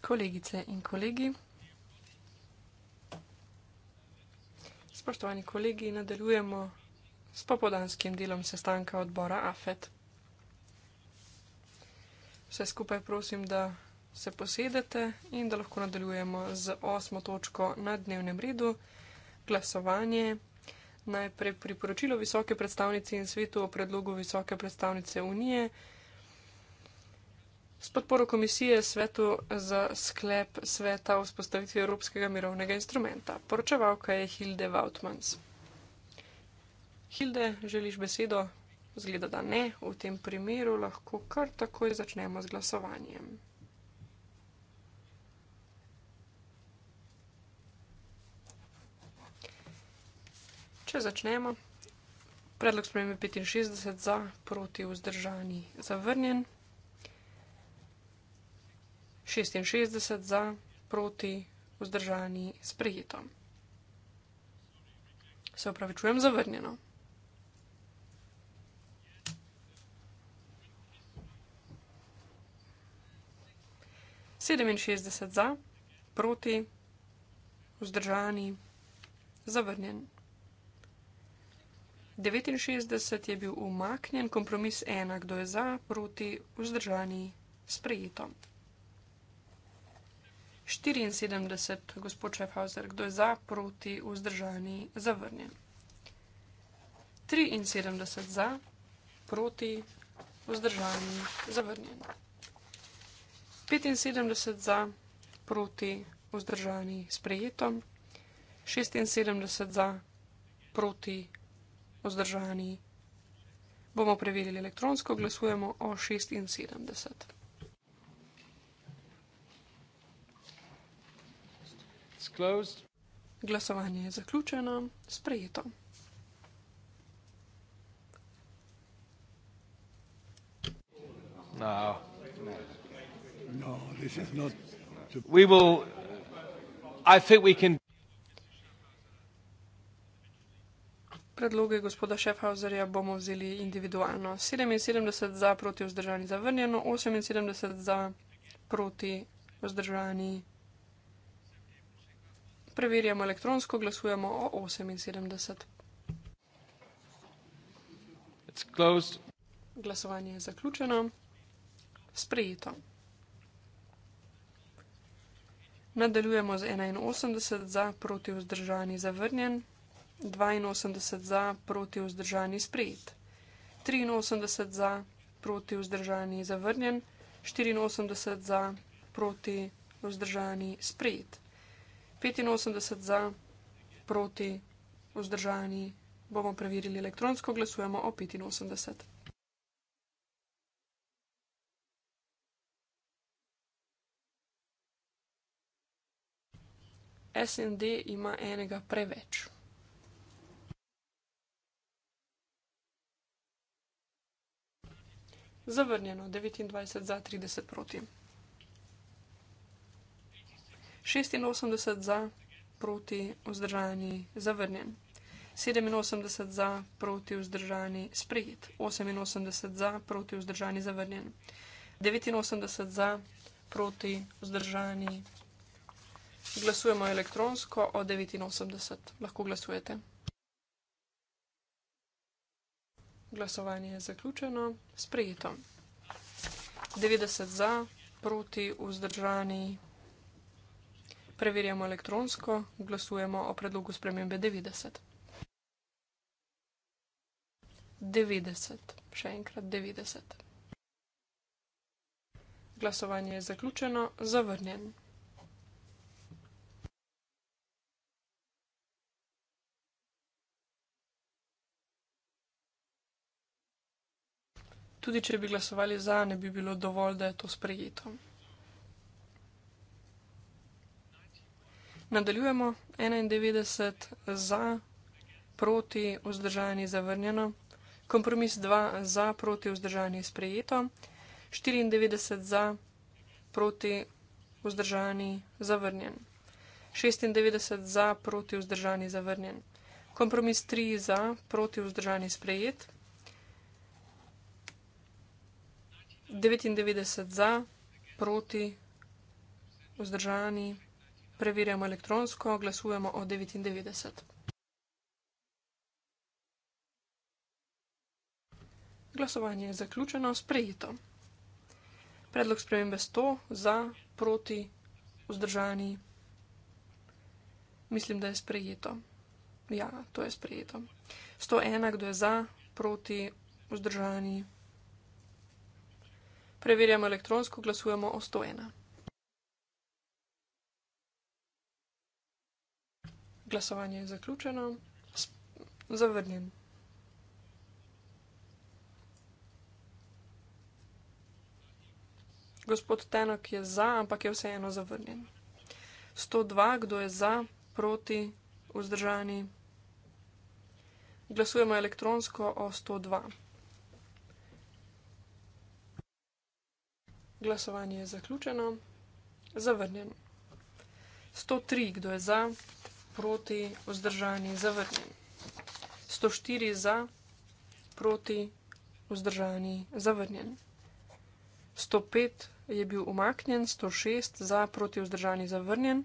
Kolegice in kolegi, spoštovani kolegi, nadaljujemo s popodanskim delom sestanka odbora AFET. Vse skupaj prosim, da se posedete in da lahko nadaljujemo z osmo točko na dnevnem redu, glasovanje. Najprej priporočilo visoke predstavnice in svetu o predlogu visoke predstavnice Unije. S podporo komisije svetu za sklep sveta o vzpostavitvi Evropskega mirovnega instrumenta. Poročevalka je Hilde Vautmans. Hilde, želiš besedo? Zgleda, da ne. V tem primeru lahko kar takoj začnemo z glasovanjem. Če začnemo, predlog spremembe 65 za, proti vzdržani, zavrnjen. 66 za, proti, vzdržani, sprejeto. Se upravičujem, zavrnjeno. Sedeminšestdeset za, proti, vzdržani, zavrnjen. Devetinšestdeset je bil umaknjen, kompromis ena, kdo je za, proti, vzdržani, sprejeto. 74, gospod Šefhauser, kdo je za, proti, vzdržani, zavrnjen. 73 za, proti, vzdržani, zavrnjen. 75 za, proti, vzdržani, sprejeto. 76 za, proti, vzdržani. Bomo preverili elektronsko, glasujemo o 76. Glasovanje je zaključeno. Sprejeto. No. No, this is not we will I think we can Predloge gospoda Šefhauserja bomo vzeli individualno. 77 za proti vzdržani zavrnjeno, 78 za proti vzdržani preverjamo elektronsko, glasujemo o 78. Glasovanje je zaključeno. Sprejeto. Nadaljujemo z 81 za, proti vzdržani zavrnjen, 82 za, proti vzdržani sprejet, 83 za, proti vzdržani zavrnjen, 84 za, proti vzdržani sprejet. 85 za, proti, vzdržani. Bomo preverili elektronsko, glasujemo o 85. SND ima enega preveč. Zavrnjeno 29 za 30 proti. 86 za, proti vzdržani, zavrnjen. 87 za, proti vzdržani, sprejet. 88 za, proti vzdržani, zavrnjen. 89 za, proti vzdržani. Glasujemo elektronsko o 89. Lahko glasujete. Glasovanje je zaključeno, sprejeto. 90 za, proti vzdržani, sprejeto preverjamo elektronsko, glasujemo o predlogu spremembe 90. 90, še enkrat 90. Glasovanje je zaključeno, zavrnjen. Tudi če bi glasovali za, ne bi bilo dovolj, da je to sprejeto. Nadaljujemo 91 za, proti vzdržani zavrnjeno, kompromis 2 za, proti vzdržani sprejeto, 94 za, proti vzdržani zavrnjen, 96 za, proti vzdržani zavrnjen, kompromis 3 za, proti vzdržani sprejet, 99 za, proti vzdržani zavrnjen. Preverjamo elektronsko, glasujemo o 99. Glasovanje je zaključeno, sprejeto. Predlog spremembe 100 za, proti, vzdržani. Mislim, da je sprejeto. Ja, to je sprejeto. 101, kdo je za, proti, vzdržani. Preverjamo elektronsko, glasujemo o 101. Glasovanje je zaključeno. Zavrnjen. Gospod Tenok je za, ampak je vseeno zavrnjen. 102, kdo je za, proti, vzdržani. Glasujemo elektronsko o 102. Glasovanje je zaključeno. Zavrnjen. 103, kdo je za, proti, vzdržani, zavrnjen. 104 za, proti, vzdržani, zavrnjen. 105 je bil umaknjen, 106 za, proti, vzdržani, zavrnjen.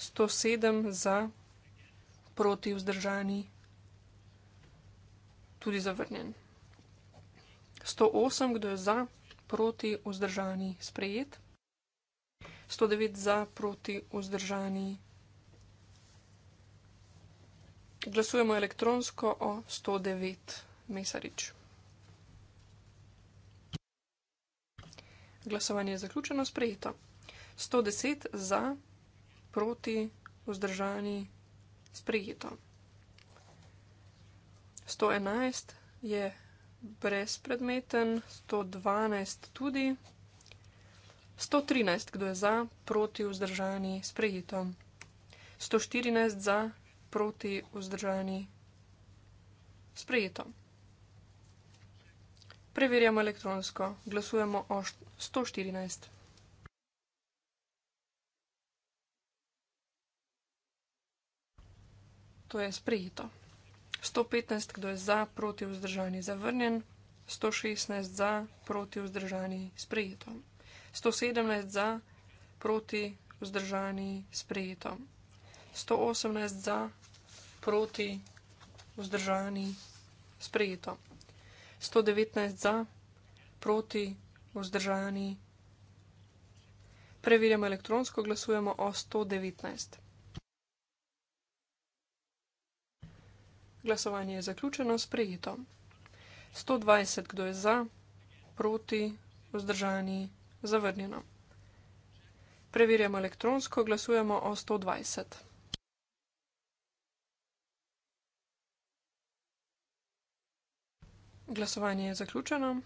107 za, proti, vzdržani, tudi zavrnjen. 108, kdo je za, proti, vzdržani, sprejet. 109 za, proti, vzdržani, zavrnjen. Glasujemo elektronsko o 109 Mesarič. Glasovanje je zaključeno, sprejeto. 110 za, proti, vzdržani, sprejeto. 111 je brezpredmeten, 112 tudi. 113, kdo je za, proti, vzdržani, sprejeto. 114 za, proti vzdržani sprejeto. Preverjamo elektronsko. Glasujemo o 114. To je sprejeto. 115, kdo je za, proti vzdržani zavrnjen. 116 za, proti vzdržani sprejeto. 117 za, proti vzdržani sprejeto. 118 za, proti, vzdržani, sprejeto. 119 za, proti, vzdržani. Preverjamo elektronsko, glasujemo o 119. Glasovanje je zaključeno, sprejeto. 120, kdo je za, proti, vzdržani, zavrnjeno. Preverjamo elektronsko, glasujemo o 120. Glasovanje je zaključeno.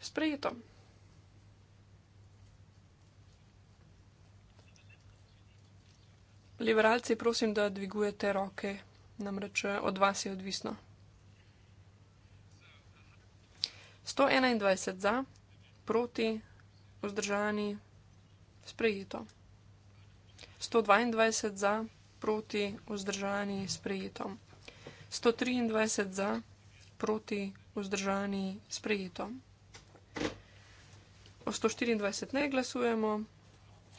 Sprejeto. Liberalci, prosim, da dvigujete roke, namreč eh, od vas je odvisno. 121 za, proti, vzdržani, sprejeto. 122 za, proti, vzdržani, sprejeto. 123 za, proti, vzdržani vzdržani, sprejeto. O 124 ne glasujemo,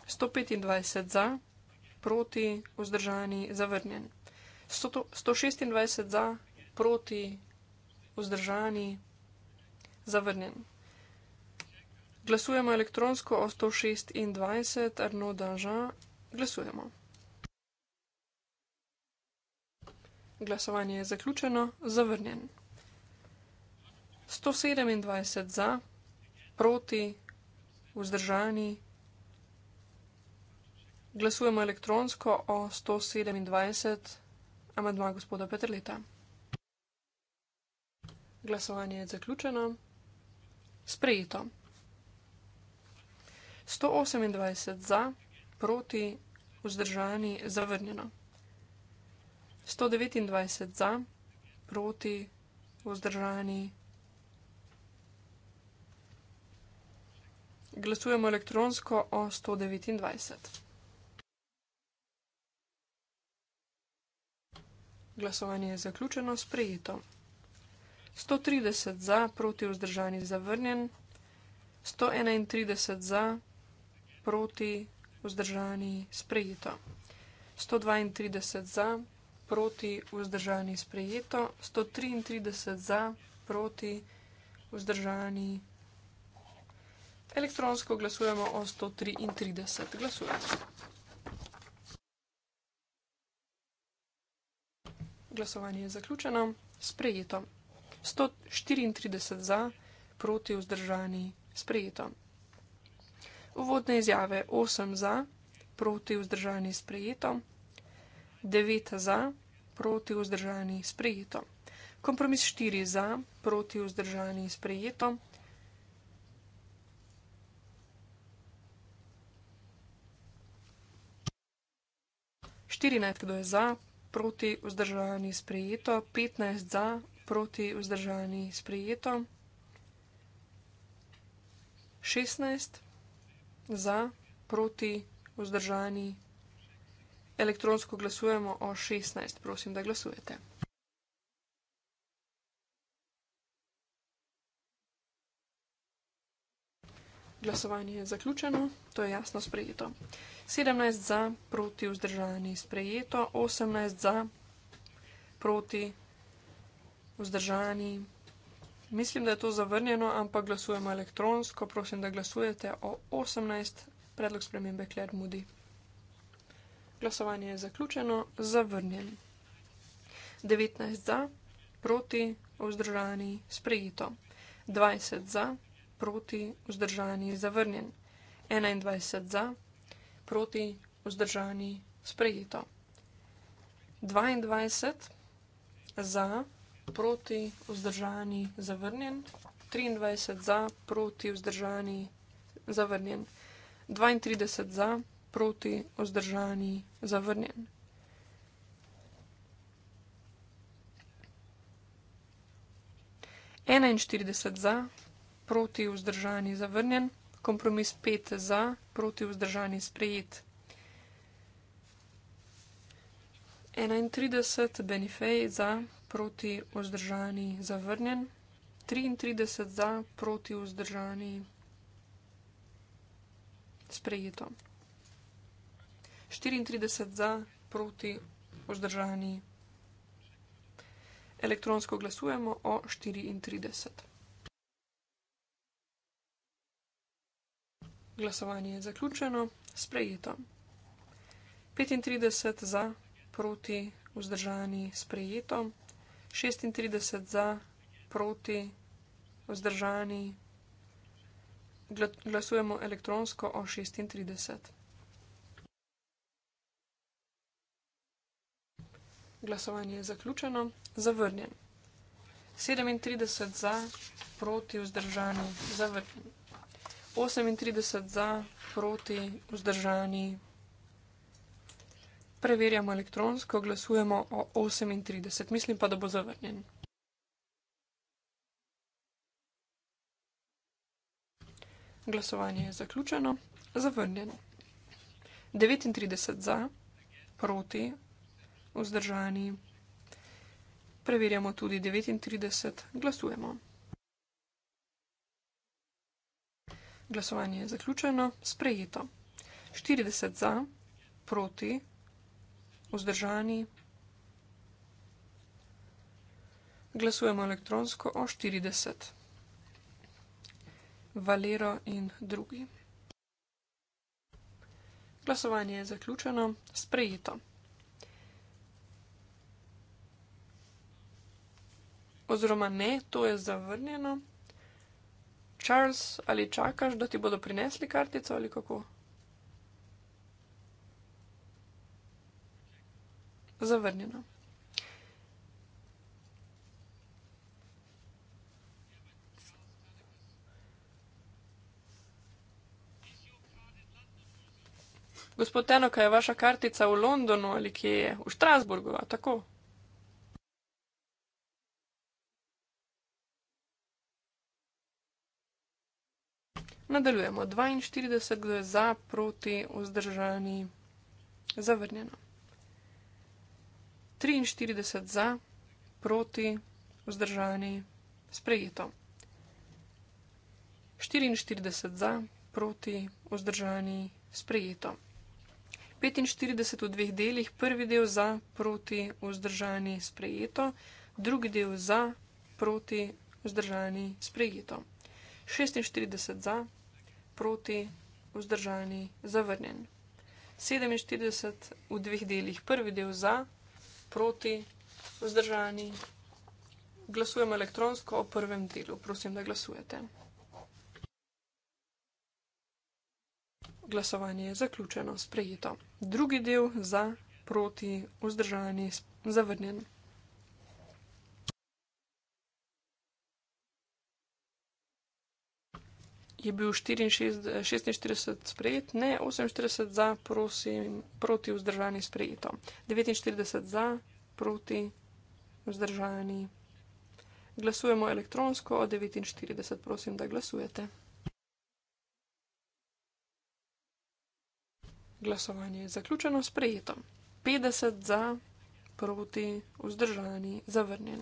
125 za, proti, vzdržani, zavrnjen. 126 za, proti, vzdržani, zavrnjen. Glasujemo elektronsko o 126, Arno Daža, glasujemo. Glasovanje je zaključeno, zavrnjen. 127 za, proti, vzdržani. Glasujemo elektronsko o 127, amadma gospoda Petrleta. Glasovanje je zaključeno. Sprejeto. 128 za, proti, vzdržani, zavrnjeno. 129 za, proti, vzdržani, zavrnjeno. Glasujemo elektronsko o 129. Glasovanje je zaključeno, sprejeto. 130 za, proti vzdržani zavrnjen, 131 za, proti vzdržani sprejeto, 132 za, proti vzdržani sprejeto, 133 za, proti vzdržani sprejeto. Elektronsko glasujemo o 133 glasujočih. Glasovanje je zaključeno, sprejeto. 134 za, proti vzdržani, sprejeto. Uvodne izjave 8 za, proti vzdržani, sprejeto. 9 za, proti vzdržani, sprejeto. Kompromis 4 za, proti vzdržani, sprejeto. 14, kdo je za, proti vzdržavanju sprejeto, 15 za, proti vzdržavanju sprejeto, 16 za, proti vzdržavanju elektronsko glasujemo o 16, prosim, da glasujete. Glasovanje je zaključeno, to je jasno sprejeto. 17 za, proti vzdržani sprejeto, 18 za, proti vzdržani. Mislim, da je to zavrnjeno, ampak glasujemo elektronsko. Prosim, da glasujete o 18 predlog spremembe Kler Mudi. Glasovanje je zaključeno, zavrnjen. 19 za, proti vzdržani sprejeto, 20 za proti, vzdržani, zavrnjen. 21 za, proti, vzdržani, sprejeto. 22 za, proti, vzdržani, zavrnjen. 23 za, proti, vzdržani, zavrnjen. 32 za, proti, vzdržani, zavrnjen. Enainštirideset za, proti vzdržani zavrnjen, kompromis 5 za, proti vzdržani sprejet. 31 Benifej za, proti vzdržani zavrnjen, 33 za, proti vzdržani sprejeto. 34 za, proti vzdržani. Elektronsko glasujemo o 34. Glasovanje je zaključeno, sprejeto. 35 za, proti, vzdržani, sprejeto. 36 za, proti, vzdržani. Glasujemo elektronsko o 36. Glasovanje je zaključeno, zavrnjen. 37 za, proti, vzdržani, zavrnjen. 38 za, proti, vzdržani. Preverjamo elektronsko, glasujemo o 38, mislim pa, da bo zavrnjen. Glasovanje je zaključeno, zavrnjen. 39 za, proti, vzdržani. Preverjamo tudi 39, glasujemo. Glasovanje je zaključeno, sprejeto. 40 za, proti, vzdržani. Glasujemo elektronsko o 40. Valero in drugi. Glasovanje je zaključeno, sprejeto. Oziroma ne, to je zavrnjeno. Charles, ali čakaš, da ti bodo prinesli kartico ali kako? Zavrnjeno. Gospod Tenoka, je vaša kartica v Londonu ali kje je? V Štrasburgu, a tako? Nadaljujemo. 42 je za, proti, vzdržani, zavrnjeno. 43 za, proti, vzdržani, sprejeto. 44 za, proti, vzdržani, sprejeto. 45 v dveh delih, prvi del za, proti, vzdržani, sprejeto, drugi del za, proti, vzdržani, sprejeto. 46 za, proti, vzdržani, zavrnjen. 47 v dveh delih, prvi del za, proti, vzdržani. Glasujemo elektronsko o prvem delu. Prosim, da glasujete. Glasovanje je zaključeno, sprejeto. Drugi del za, proti, vzdržani, zavrnjen. je bil 46, 46 sprejet, ne 48 za, prosim, proti vzdržani sprejeto. 49 za, proti vzdržani. Glasujemo elektronsko o 49, prosim, da glasujete. Glasovanje je zaključeno, sprejeto. 50 za, proti vzdržani, zavrnjen.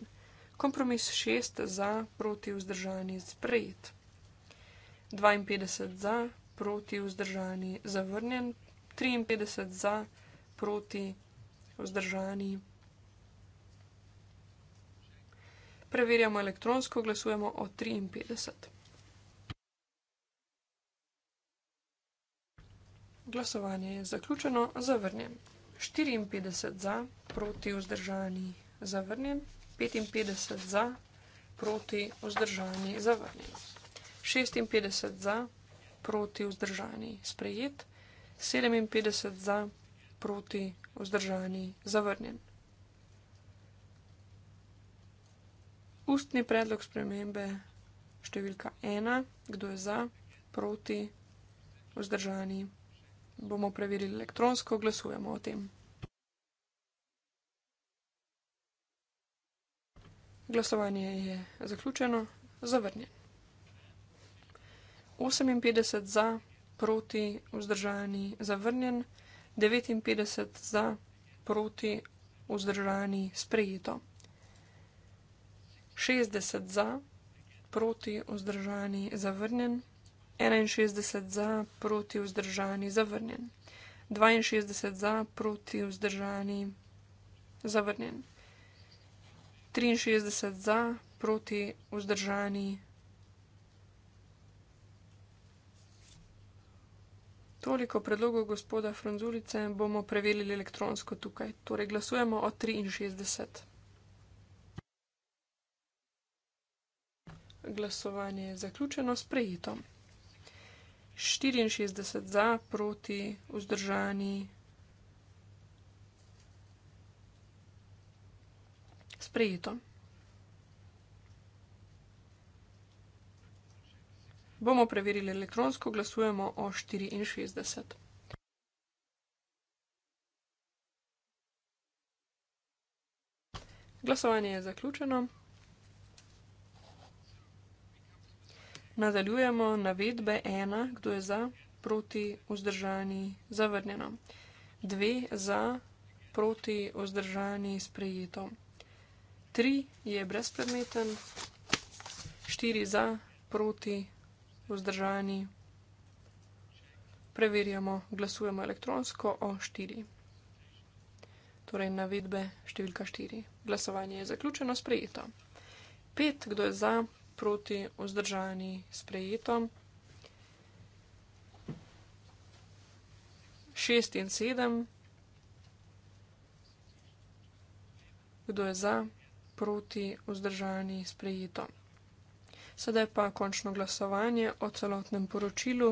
Kompromis 6 za, proti vzdržani, sprejeto. 52 za, proti vzdržani, zavrnjen, 53 za, proti vzdržani. Preverjamo elektronsko, glasujemo o 53. Glasovanje je zaključeno, zavrnjen. 54 za, proti vzdržani, zavrnjen, 55 za, proti vzdržani, zavrnjen. 56 za, proti vzdržani sprejet, 57 za, proti vzdržani zavrnjen. Ustni predlog spremembe številka 1, kdo je za, proti vzdržani. Bomo preverili elektronsko, glasujemo o tem. Glasovanje je zaključeno, zavrnjeno. 58 za, proti, vzdržani, zavrnjen, 59 za, proti, vzdržani, sprejeto. 60 za, proti, vzdržani, zavrnjen, 61 za, proti, vzdržani, zavrnjen, 62 za, proti, vzdržani, zavrnjen, 63 za, proti, vzdržani, zavrnjen. Toliko predlogov gospoda Franzulice bomo preverili elektronsko tukaj. Torej glasujemo o 63. Glasovanje je zaključeno s prejetom. 64 za, proti, vzdržani. Sprejeto. Bomo preverili elektronsko, glasujemo o 64. Glasovanje je zaključeno. Nadaljujemo navedbe ena, kdo je za, proti, vzdržani, zavrnjeno. Dve za, proti, vzdržani, sprejeto. Tri je brezpredmeten, štiri za, proti, vzdržani vzdržani. Preverjamo, glasujemo elektronsko o 4. Torej, navedbe številka 4. Glasovanje je zaključeno, sprejeto. 5, kdo je za, proti, vzdržani, sprejeto. 6 in 7. Kdo je za, proti, vzdržani, sprejeto. Sedaj pa končno glasovanje o celotnem poročilu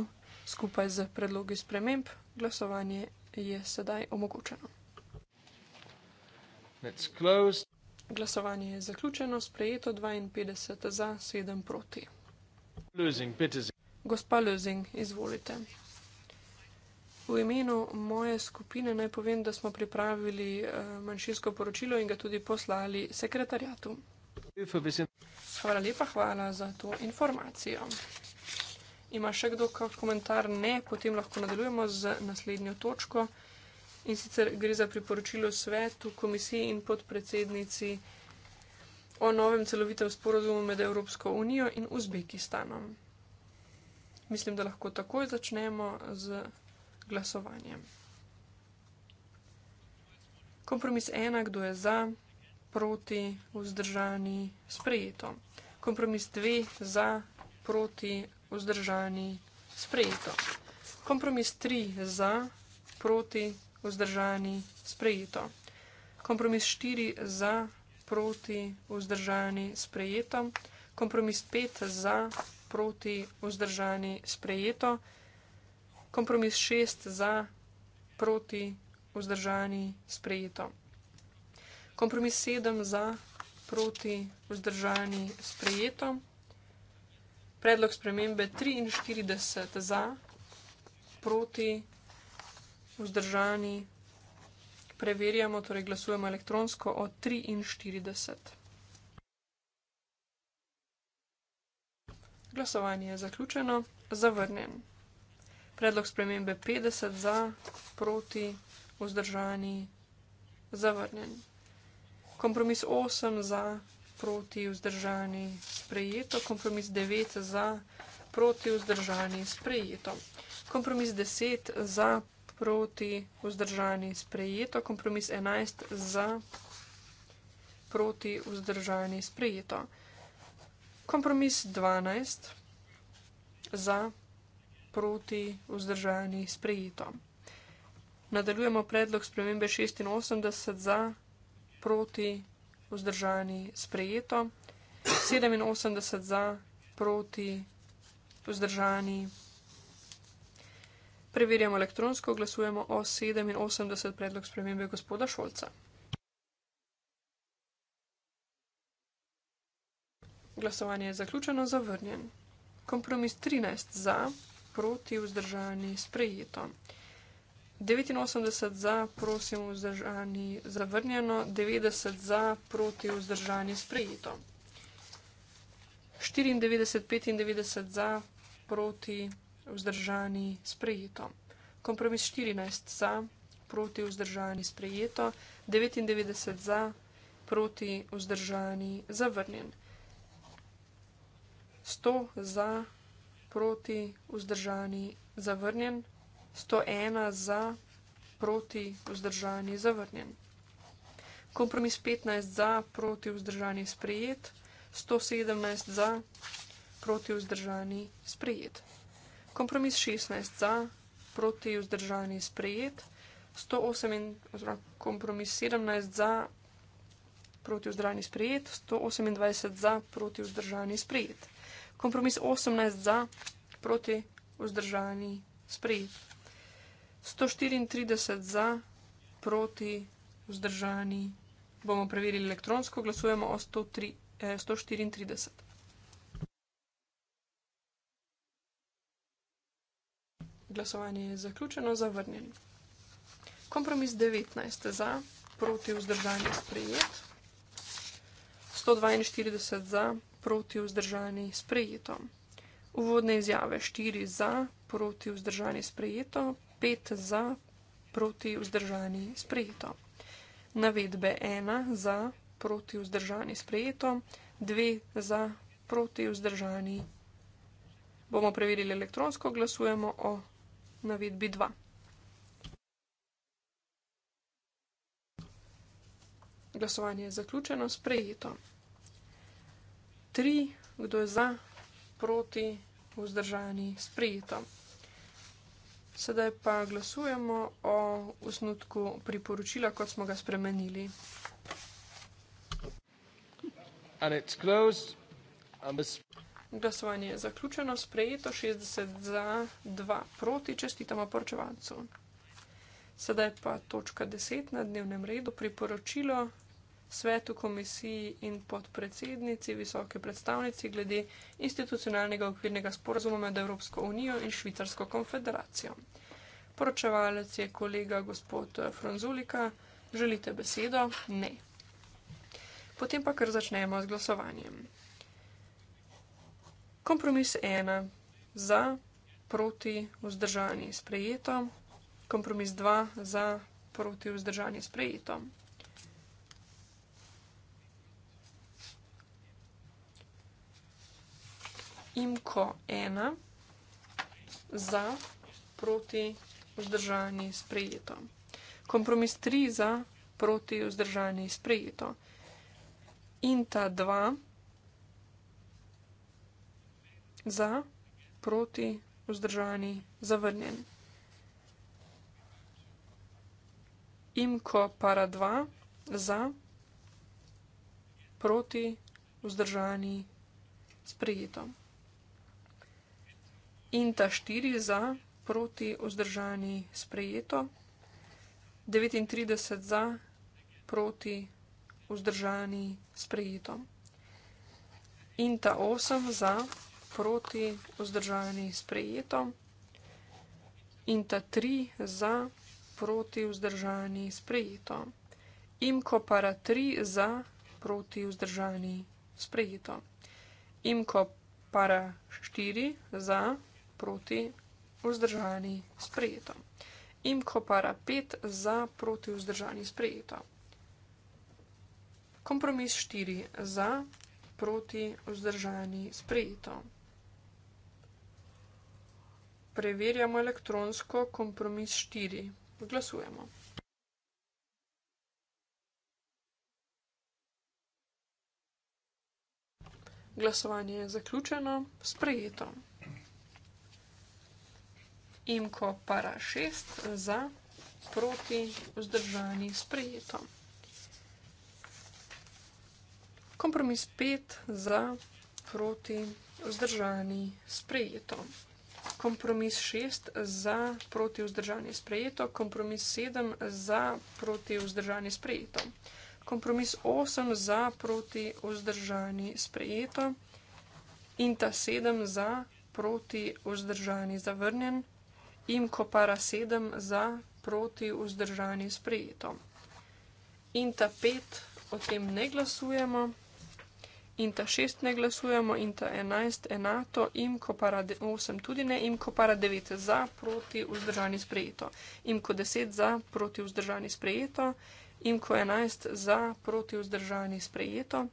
skupaj z predlogi sprememb. Glasovanje je sedaj omogočeno. Glasovanje je zaključeno, sprejeto 52 za 7 proti. Losing, Gospa Lozing, izvolite. V imenu moje skupine naj povem, da smo pripravili eh, manjšinsko poročilo in ga tudi poslali sekretarjatu. Hvala lepa, hvala za to informacijo. Ima še kdo kak komentar? Ne, potem lahko nadaljujemo z naslednjo točko. In sicer gre za priporočilo svetu, komisiji in podpredsednici o novem celovitem sporozumu med Evropsko unijo in Uzbekistanom. Mislim, da lahko takoj začnemo z glasovanjem. Kompromis ena, kdo je za? proti, vzdržani, sprejeto. Kompromis 2, za, proti, vzdržani, sprejeto. Kompromis 3, za, proti, vzdržani, sprejeto. Kompromis 4, za, proti, vzdržani, sprejeto. Kompromis 5, za, proti, vzdržani, sprejeto. Kompromis 6, za, proti, vzdržani, sprejeto kompromis sedem za, proti vzdržani sprejeto. Predlog spremembe 43 za, proti vzdržani preverjamo, torej glasujemo elektronsko o 43. Glasovanje je zaključeno, zavrnjen. Predlog spremembe 50 za, proti, vzdržani, zavrnjen. Kompromis 8 za, proti vzdržani sprejeto, kompromis 9 za, proti vzdržani sprejeto. Kompromis 10 za, proti vzdržani sprejeto, kompromis 11 za, proti vzdržani sprejeto. Kompromis 12 za, proti vzdržani sprejeto. Nadaljujemo predlog spremembe 86 za proti, vzdržani, sprejeto, 87 za, proti, vzdržani. Preverjamo elektronsko, glasujemo o 87 predlog spremembe gospoda Šolca. Glasovanje je zaključeno, zavrnjen. Kompromis 13 za, proti, vzdržani, sprejeto. 89 za, prosim, vzdržani, zavrnjeno, 90 za, proti, vzdržani, sprejeto. 94, 95 za, proti, vzdržani, sprejeto. Kompromis 14 za, proti, vzdržani, sprejeto. 99 za, proti, vzdržani, zavrnjen. 100 za, proti, vzdržani, zavrnjen. 101 za, proti, vzdržani, zavrnjen. Kompromis 15 za, proti, vzdržani, sprejet. 117 za, proti, vzdržani, sprejet. Kompromis 16 za, proti, vzdržani, sprejet. 108, oziroma kompromis 17 za, proti, vzdržani, sprejet. 128 za, proti, vzdržani, sprejet. Kompromis 18 za, proti, vzdržani, sprejet. 134 za, proti, vzdržani. Bomo preverili elektronsko, glasujemo o 103, eh, 134. Glasovanje je zaključeno, zavrnjeno. Kompromis 19 za, proti, vzdržani, sprejet. 142 za, proti, vzdržani, sprejeto. Uvodne izjave 4 za, proti, vzdržani, sprejeto. 5 za, proti vzdržani sprejeto. Navedbe 1 za, proti vzdržani sprejeto, 2 za, proti vzdržani. Bomo preverili elektronsko, glasujemo o navedbi 2. Glasovanje je zaključeno, sprejeto. 3, kdo je za, proti, vzdržani, sprejeto. Sedaj pa glasujemo o osnutku priporočila, kot smo ga spremenili. Glasovanje je zaključeno, sprejeto 60 za 2 proti, čestitamo poročevalcu. Sedaj pa točka 10 na dnevnem redu, priporočilo svetu komisiji in podpredsednici visoke predstavnici glede institucionalnega okvirnega sporazuma med Evropsko unijo in Švicarsko konfederacijo. Poročevalec je kolega gospod Franzulika. Želite besedo? Ne. Potem pa kar začnemo z glasovanjem. Kompromis 1 za, proti, vzdržani, sprejeto. Kompromis 2 za, proti, vzdržani, sprejeto. imko ena, za, proti, vzdržani, sprejeto. Kompromis tri, za, proti, vzdržani, sprejeto. Inta dva, za, proti, vzdržani, zavrnjen. Imko para dva, za, proti, vzdržani, sprejeto in ta štiri za, proti vzdržani sprejeto, 39 za, proti vzdržani sprejeto. In ta 8 za, proti vzdržani sprejeto. In ta 3 za, proti vzdržani sprejeto. Imko para 3 za, proti vzdržani sprejeto. Imko para 4 za, proti vzdržani sprejeto proti vzdržani sprejeto. Imko para 5 za proti vzdržani sprejeto. Kompromis 4 za proti vzdržani sprejeto. Preverjamo elektronsko kompromis 4. Glasujemo. Glasovanje je zaključeno. Sprejeto imko para 6 za proti vzdržani sprejeto. Kompromis 5 za proti vzdržani sprejeto. Kompromis 6 za proti vzdržani sprejeto. Kompromis 7 za proti vzdržani sprejeto. Kompromis 8 za proti vzdržani sprejeto. In ta 7 za proti vzdržani zavrnjen sprejeto in ko para sedem za, proti, vzdržani, sprejeto. In ta pet o tem ne glasujemo, in ta šest ne glasujemo, in ta enajst enako, in ko para osem tudi ne, in ko para devet za, proti, vzdržani, sprejeto. In ko deset za, proti, vzdržani, sprejeto, in ko enajst za, proti, vzdržani, sprejeto.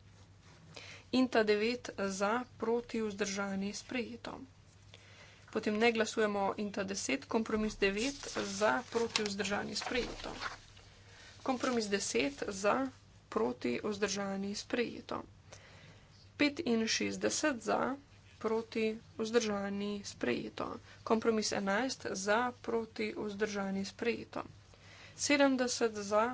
In ta devet za, proti, vzdržani, sprejeto potem ne glasujemo in ta deset, kompromis devet za, proti vzdržani sprejeto. Kompromis deset za, proti vzdržani sprejeto. 65 za, proti vzdržani sprejeto. Kompromis 11 za, proti vzdržani sprejeto. 70 za,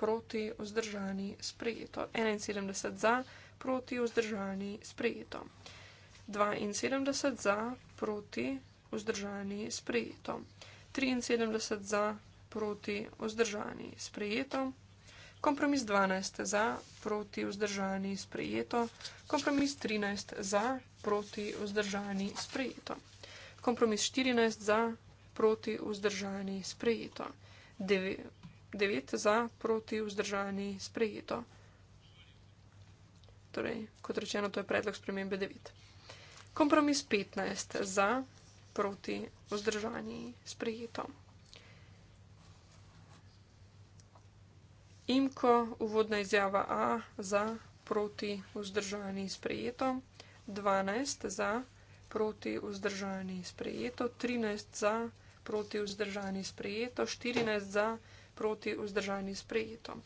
proti vzdržani sprejeto. 71 za, proti vzdržani sprejeto. 72 za, proti, vzdržani, sprejeto. 73 za, proti, vzdržani, sprejeto. Kompromis 12 za, proti, vzdržani, sprejeto. Kompromis 13 za, proti, vzdržani, sprejeto. Kompromis 14 za, proti, vzdržani, sprejeto. 9 za, proti, vzdržani, sprejeto. Torej, kot rečeno, to je predlog spremembe 9. Kompromis 15 za, proti vzdržanji sprejeto. Imko, uvodna izjava A, za, proti vzdržanji sprejeto. 12 za, proti vzdržanji sprejeto. 13 za, proti vzdržanji sprejeto. 14 za, proti vzdržanji sprejeto.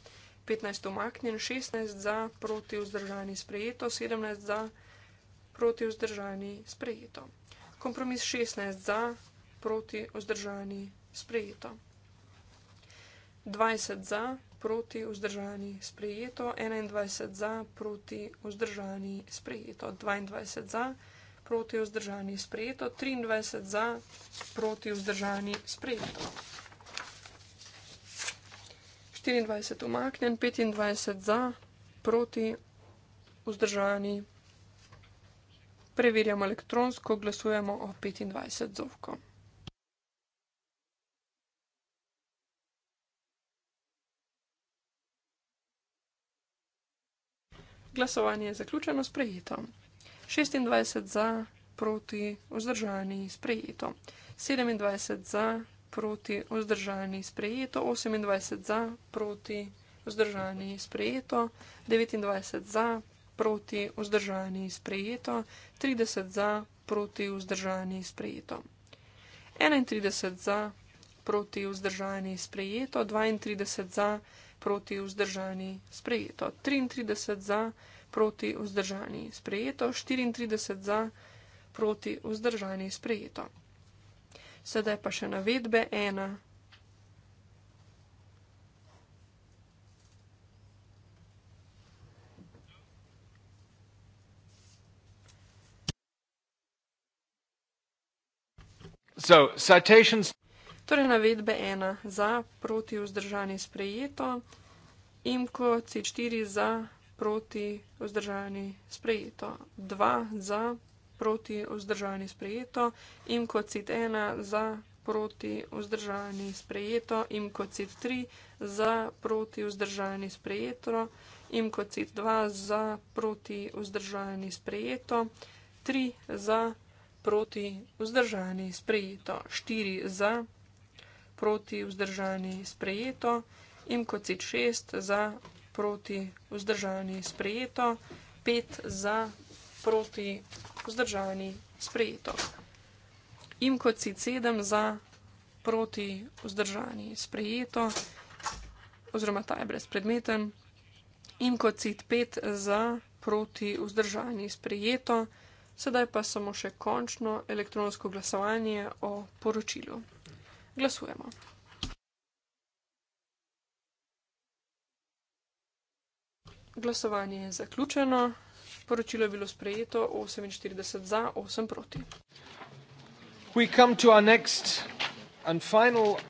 15 omaknjen, 16 za, proti vzdržanji sprejeto. 17 za, proti vzdržanji sprejeto proti vzdržani sprejeto. Kompromis 16 za, proti vzdržani sprejeto. 20 za, proti vzdržani sprejeto. 21 za, proti vzdržani sprejeto. 22 za, proti vzdržani sprejeto. 23 za, proti vzdržani sprejeto. 24 umaknjen, 25 za, proti vzdržani sprejeto. Preverjamo elektronsko, glasujemo o 25 zovko. Glasovanje je zaključeno, sprejeto. 26 za, proti, vzdržani, sprejeto. 27 za, proti, vzdržani, sprejeto. 28 za, proti, vzdržani, sprejeto. 29 za, proti vzdržani sprejeto, 30 za proti vzdržani sprejeto. 31 za proti vzdržani sprejeto, 32 za proti vzdržani sprejeto, 33 za proti vzdržani sprejeto, 34 za proti vzdržani sprejeto. Sedaj pa še navedbe 1, So, citations... Torej, navedbe ena za, proti vzdržanje sprejeto, imko C4 za, proti vzdržanje sprejeto, dva za, proti vzdržanje sprejeto, imko C1 za, proti vzdržanje sprejeto, imko C3 za, proti vzdržanje sprejeto, imko C2 za, proti vzdržanje sprejeto, tri za, proti proti, vzdržani, sprejeto, štiri za, proti, vzdržani, sprejeto, in kot si šest za, proti, vzdržani, sprejeto, pet za, proti, vzdržani, sprejeto. In kot si sedem za, proti, vzdržani, sprejeto, oziroma ta je brezpredmeten, in kot si pet za, proti, vzdržani, sprejeto. Sedaj pa samo še končno elektronsko glasovanje o poročilu. Glasujemo. Glasovanje je zaključeno, poročilo je bilo sprejeto 48 za, 8 proti. We come to our next and final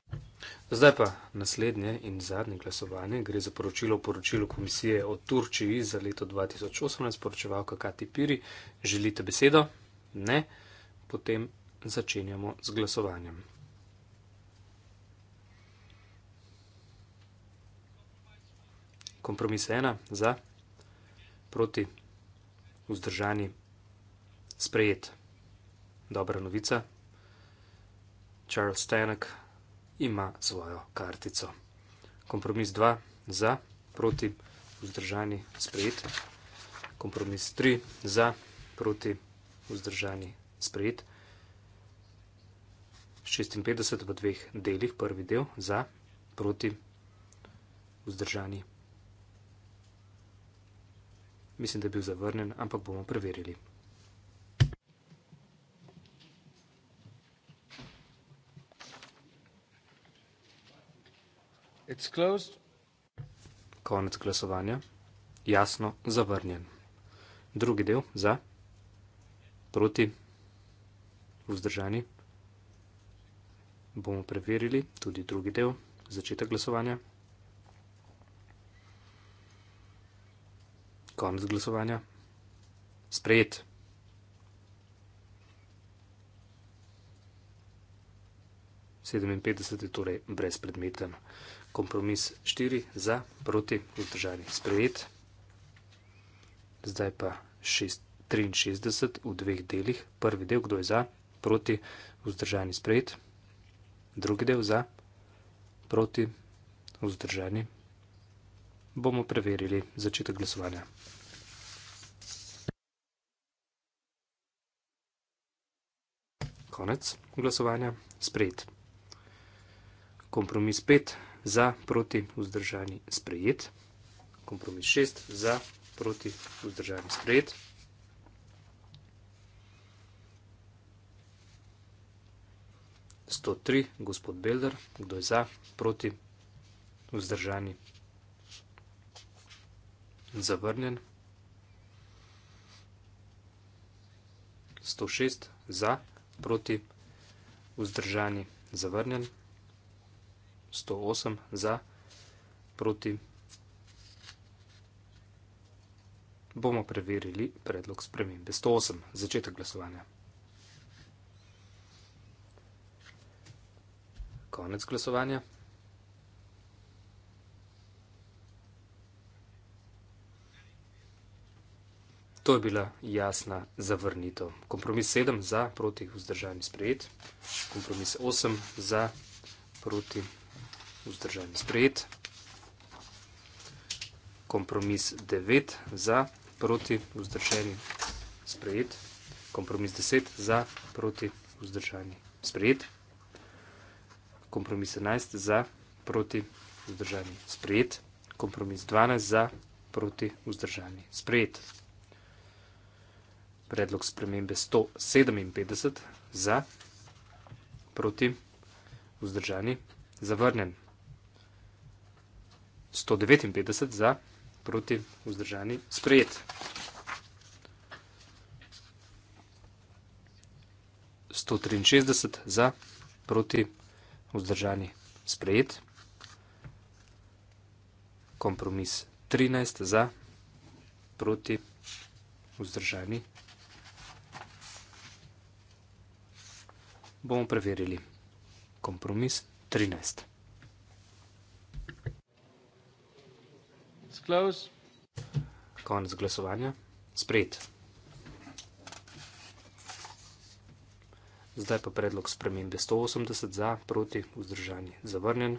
Zdaj pa naslednje in zadnje glasovanje. Gre za poročilo o poročilu komisije o Turčiji za leto 2018, poročevalka Kati Piri. Želite besedo? Ne. Potem začenjamo z glasovanjem. Kompromis ena za, proti, vzdržani, sprejet. Dobra novica. Charles Stanek, ima svojo kartico. Kompromis 2 za, proti, vzdržani, sprejet. Kompromis 3 za, proti, vzdržani, sprejet. 56 v dveh delih, prvi del za, proti, vzdržani. Mislim, da je bil zavrnen, ampak bomo preverili. Konec glasovanja. Jasno, zavrnjen. Drugi del, za, proti, vzdržani. Bomo preverili tudi drugi del, začetek glasovanja. Konec glasovanja. Sprejet. 57 je torej brezpredmeten. Kompromis 4 za, proti, vzdržani, sprejet. Zdaj pa 6, 63 v dveh delih. Prvi del, kdo je za, proti, vzdržani, sprejet. Drugi del za, proti, vzdržani. Bomo preverili začetek glasovanja. Konec glasovanja, sprejet kompromis 5 za, proti, vzdržani, sprejet. Kompromis 6 za, proti, vzdržani, sprejet. Sto tri, gospod Belder, kdo je za, proti, vzdržani, zavrnjen. Sto šest, za, proti, vzdržani, zavrnjen. 108 za, proti. Bomo preverili predlog spremembe. 108, začetek glasovanja. Konec glasovanja. To je bila jasna zavrnitev. Kompromis 7 za, proti vzdržani sprejet. Kompromis 8 za, proti vzdržani sprejet vzdržan in sprejet. Kompromis 9 za, proti, vzdržan in sprejet. Kompromis 10 za, proti, vzdržan in sprejet. Kompromis 11 za, proti, vzdržan in sprejet. Kompromis 12 za, proti, vzdržan in sprejet. Predlog spremembe 157 za, proti, vzdržan in sprejet. Zavrnen. 159 za, proti vzdržani sprejet. 163 za, proti vzdržani sprejet. Kompromis 13 za, proti vzdržani bomo preverili kompromis 13. Close. Konec glasovanja. Sprejet. Zdaj pa predlog spremembe 180 za, proti, vzdržanje zavrnjen.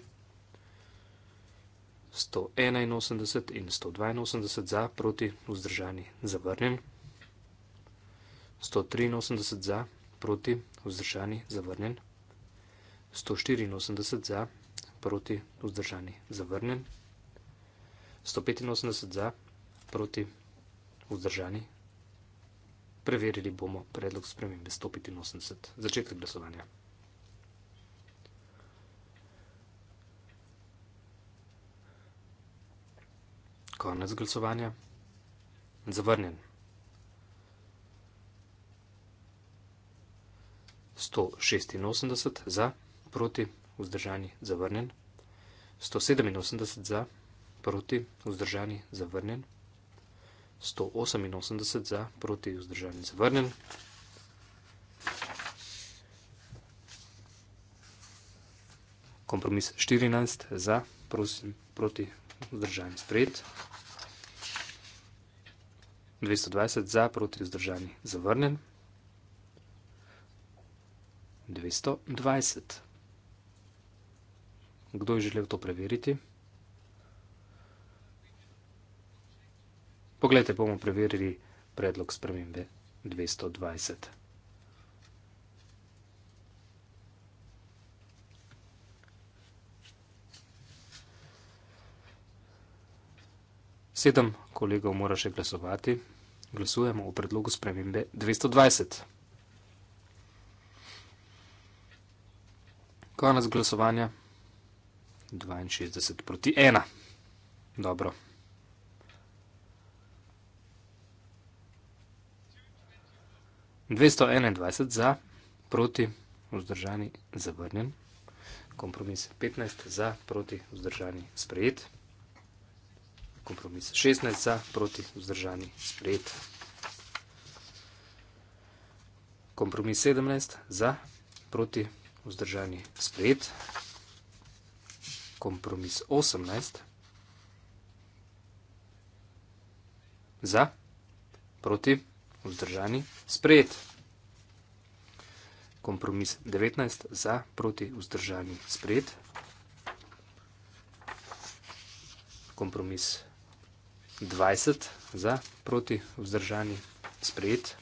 181 in 182 za, proti, vzdržanje zavrnjen. 183 za, proti, vzdržanje zavrnjen. 184 za, proti, vzdržanje zavrnjen. 184 za, proti, 185 za, proti, vzdržani. Preverili bomo predlog spremembe 185. Začetek glasovanja. Konec glasovanja. Zavrnjen. 186 za, proti, vzdržani, zavrnjen. 187 za, proti, vzdržani proti, vzdržani, zavrnjen, 188 za, proti, vzdržani, zavrnjen. Kompromis 14 za, prosim, proti, vzdržani, sprejet. 220 za, proti, vzdržani, zavrnjen. 220. Kdo je želel to preveriti? 220. Poglejte, bomo preverili predlog spremembe 220. Sedem kolegov mora še glasovati. Glasujemo v predlogu spremembe 220. Konec glasovanja 62 proti 1. Dobro. 221 za, proti, vzdržani, zavrnjen. Kompromis 15 za, proti, vzdržani, sprejet. Kompromis 16 za, proti, vzdržani, sprejet. Kompromis 17 za, proti, vzdržani, sprejet. Kompromis 18 za, proti, vzdržani, sprejet vzdržani, sprejet. Kompromis 19 za, proti, vzdržani, sprejet. Kompromis 20 za, proti, vzdržani, sprejet.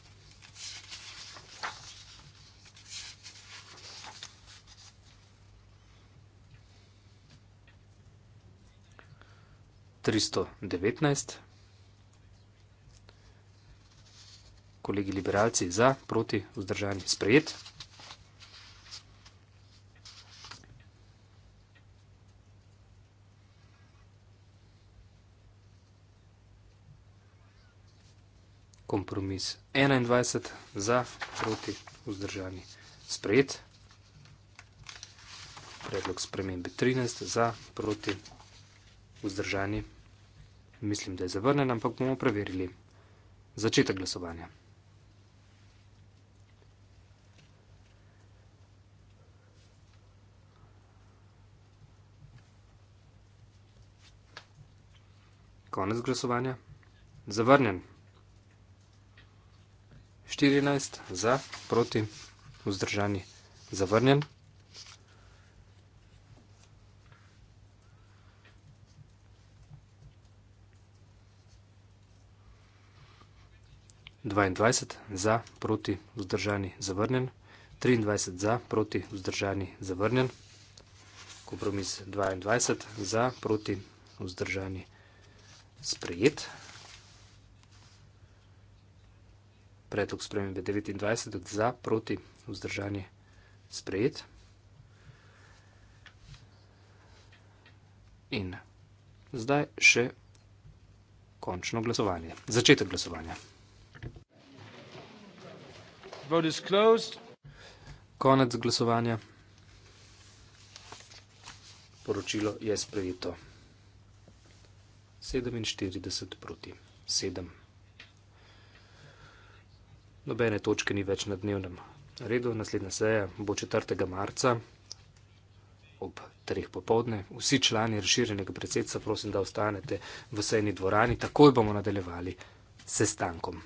Tristo devetnajst. kolegi liberalci za, proti, vzdržani, sprejet. Kompromis 21 za, proti, vzdržani, sprejet. Predlog spremembe 13 za, proti, vzdržani, mislim, da je zavrnen, ampak bomo preverili začetek glasovanja. Konec glasovanja. Zavrnjen. 14 za, proti, vzdržani, zavrnjen. Dvaindvajset za, proti, vzdržani, zavrnjen. Triindvajset za, proti, vzdržani, zavrnjen. Kompromis dvaindvajset za, proti, vzdržani, zavrnjen sprejet. Predlog spremembe 29 za, proti, vzdržanje sprejet. In zdaj še končno glasovanje, začetek glasovanja. Vote is closed. Konec glasovanja. Poročilo je sprejeto. 47 proti 7. Nobene točke ni več na dnevnem redu, naslednja seja bo 4. marca ob 3. popovdne. Vsi člani razširjenega predsedstva prosim, da ostanete v sejni dvorani, takoj bomo nadaljevali sestankom.